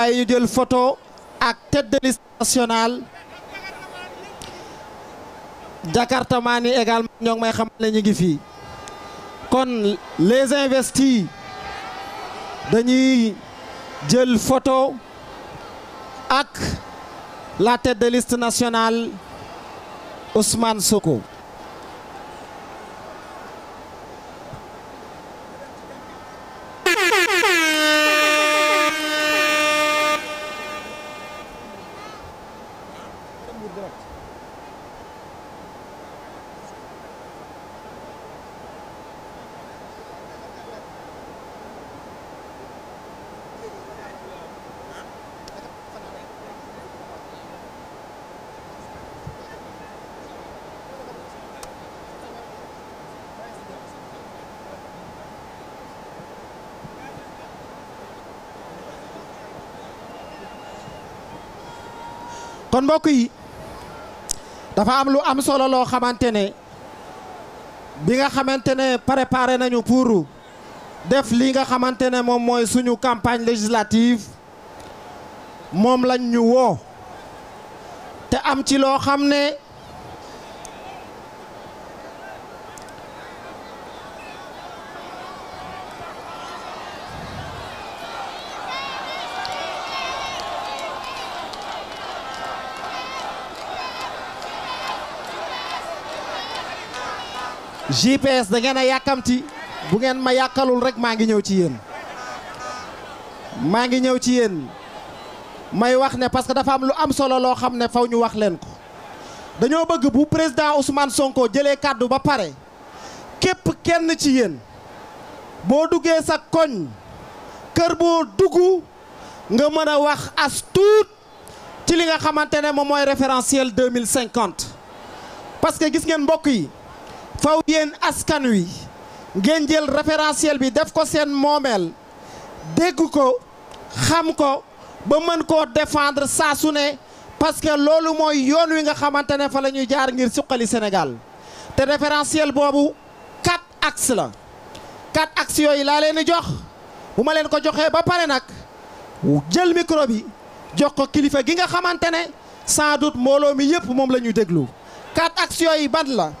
waaye ñu photo ak tête de liste nationale Jakarta Mane ñu ngi fii kon les investis dañuy jël photo ak la tête de liste nationale Ousmane Sonko direct. kon mbokk yi dafa am lu am solo loo xamante ne bi nga xamante ne préparé nañu pour def li nga xamante ne moom mooy suñu campagne législative moom lañ ñu woo te am ci loo xam ne. GPS da ngeen a yàkkamti bu ngeen ma yàkkalul rek maa ngi ñëw ci yéen maa ngi ñëw ci yéen may wax ne parce que dafa am lu am solo loo xam ne faw ñu wax leen ko dañoo bëgg bu président Ousmane Sonko jëlee kàddu ba pare képp kenn ci yéen boo duggee sa koñ kër boo dugg nga mën a wax as tuut ci li nga xamante ne moom mooy référentiel 2050 parce que gis ngeen mbokk yi faw yéen askan wi ngeen jël référentiel bi def ko seen moomeel dégg ko xam ko ba mën koo defendre saa ne parce que loolu mooy yoon wi nga xamante ne fa la ñuy jaar ngir suqali senegal te référentiel boobu quatre axes la quatre axes yooyu laa leen di jox bu ma leen ko joxee ba pare nag jël micro bi jox ko kilifa gi nga xamante ne sans mbooloo mi yëpp moom la ñuy déglu quatre axes yooyu ban la.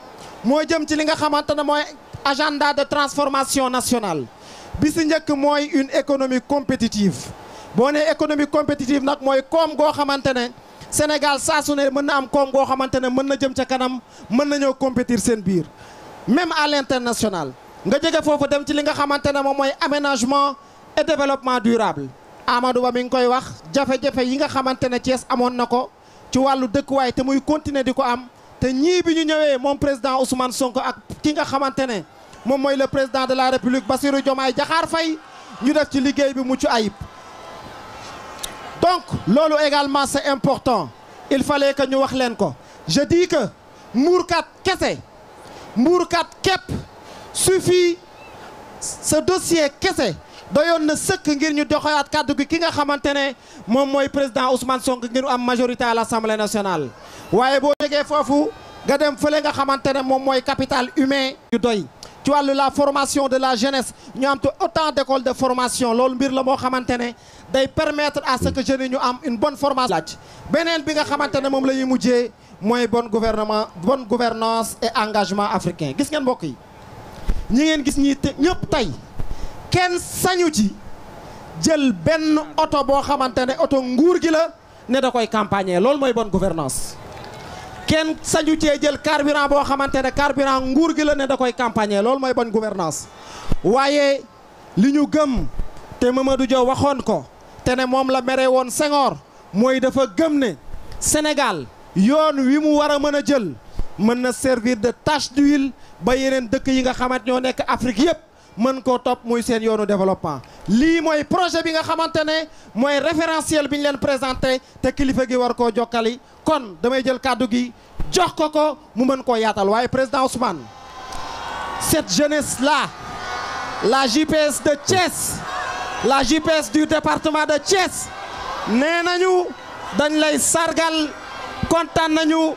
moo jëm ci li nga xamante ne mooy agenda de transformation nationale bi njëkk mooy une économie compétitive boo nee économie compétitive nag mooy koom goo xamante ne Sénégal saa su ne mën na am koom goo xamante ne mën na jëm ca kanam mën na compétir seen biir même à l'international nga jóge foofu dem ci li nga xamante ne moom mooy aménagement et développement durable Amadou Ba mi koy wax jafe-jafe yi nga xamante ne Thiès amoon na ko ci wàllu dëkkuwaay te muy continuer di ko am te ñii bi ñu ñëwee moom président Ousmane Sonko ak ki nga xamante ne moom mooy le président de la république Bassirou Diomaye Diakhar fay ñu def ci liggéey bi mucc ayib donc loolu également c'est important il fallait que ñu wax leen ko je dis que mbuurkat kese mbuurkat képp suffit ce dossier kese doyoon na sëkk ngir ñu doxaat kàddu gi ki nga xamante ne moom mooy président Ousmane Sonko ngir am majorité à l'Assemblée nationale waaye boo jógee foofu nga dem fële nga xamante ne moom mooy capital humain yu doy ci wàllu la formation de la jeunesse ñu am te autant d'écoles de formation loolu mbir la moo xamante ne day permettre à ce que jeunes yi ñu am une bonne formation laaj beneen bi nga xamante ne moom la mujjee mooy bon gouvernement bonne gouvernance et engagement africain gis ngeen mbokk yi ñi ngeen gis ñi ñëpp tey kenn sañu ci jël benn oto boo xamante ne oto nguur gi la ne da koy campagner loolu mooy bon gouvernance kenn sañu cee jël carburant boo xamante ne carburant nguur gi la ne da koy campagner loolu mooy bonne gouvernance waaye li ñu gëm te Mamadou Dia waxoon ko te ne moom la meree woon Senghor mooy dafa gëm ne Sénégal yoon wi mu war a mën a jël mën na servir de tache wil ba yeneen dëkk yi nga xamante ñoo nekk Afrique yëpp mën koo topp muy seen yoonu développement lii mooy projet bi nga xamante ne mooy référentiel bi ñu leen présenté te kilifa gi war koo jokkali kon damay jël kàddu gi jox ko ko mu mën koo yaatal waaye président Ousmane cette jeunesse là la JPS de Thiès la JPS du département de Thiès nee nañu dañ lay sargal kontaan nañu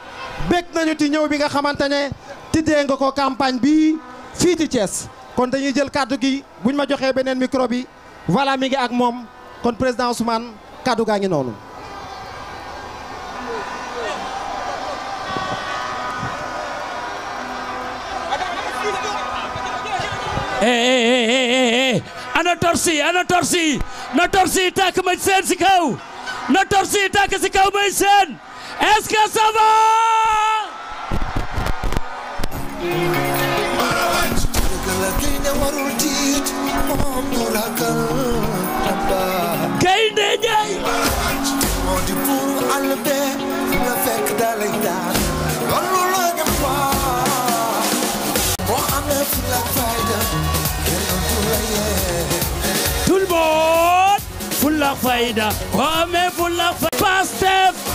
bég nañu ci ñëw bi nga xamante ne tiddee nga ko campagne bi fii ci Thiès. kon dañuy jël kàddu gi buñ ma joxee beneen micro bi voilà mi ngi ak moom kon président Ousmane kàddu gaa ngi noonu. Eh, eh, eh, ana torsi ana torsi na tàkk ma seen si kaw na tàkk si kaw may seen est-ce gaynde warul tiit moo di buuru àll be la fekk dalay daan loolu la ngeen waa boo fu la fayda kenn du la yee tout le fu la fayda boo amee fu la fayda Pastef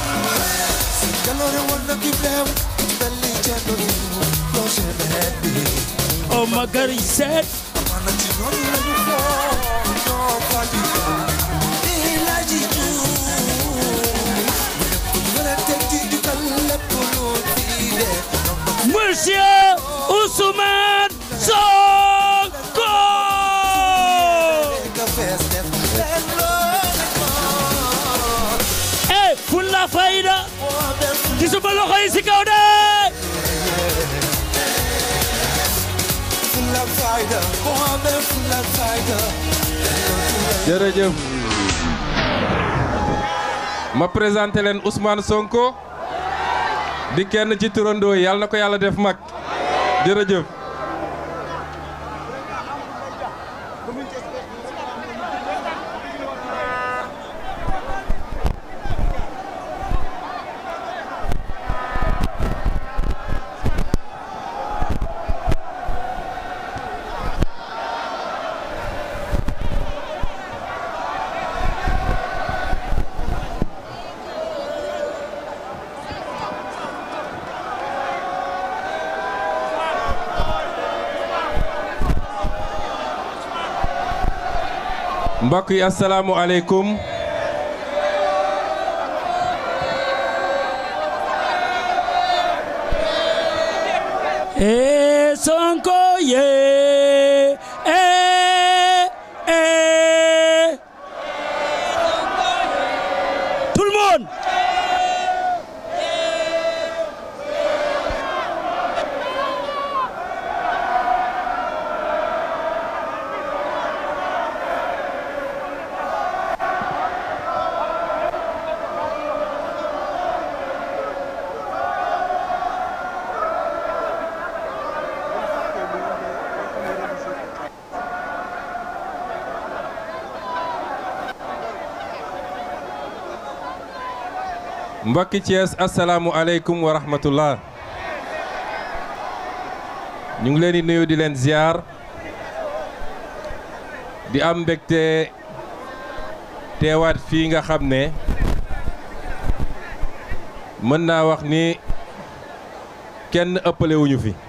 so my girl said Monsieur Ousmane Sonko Eh, ful la fayda gisuma loxo yi si kaw de jërëjëf ma présenté leen Ousmane Sonko di kenn ci turandoo yàlla na ko yàlla def mag jërëjëf mbokk yi asalaamualeykum e eh, Sonko yee mbokki Thiès asalaamualeykum wa rahmatullah ñu ngi leen di nuyu di leen ziar di am mbégte teewaat fii nga xam ne mën naa wax ni kenn ëpplewuñu fi